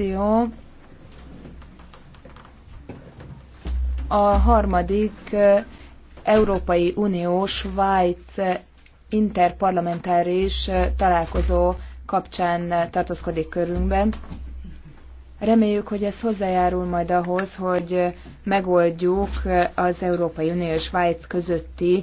frakció a harmadik Európai Unió Svájc interparlamentáris találkozó kapcsán tartózkodik körünkben. Reméljük, hogy ez hozzájárul majd ahhoz, hogy megoldjuk az Európai Unió és Svájc közötti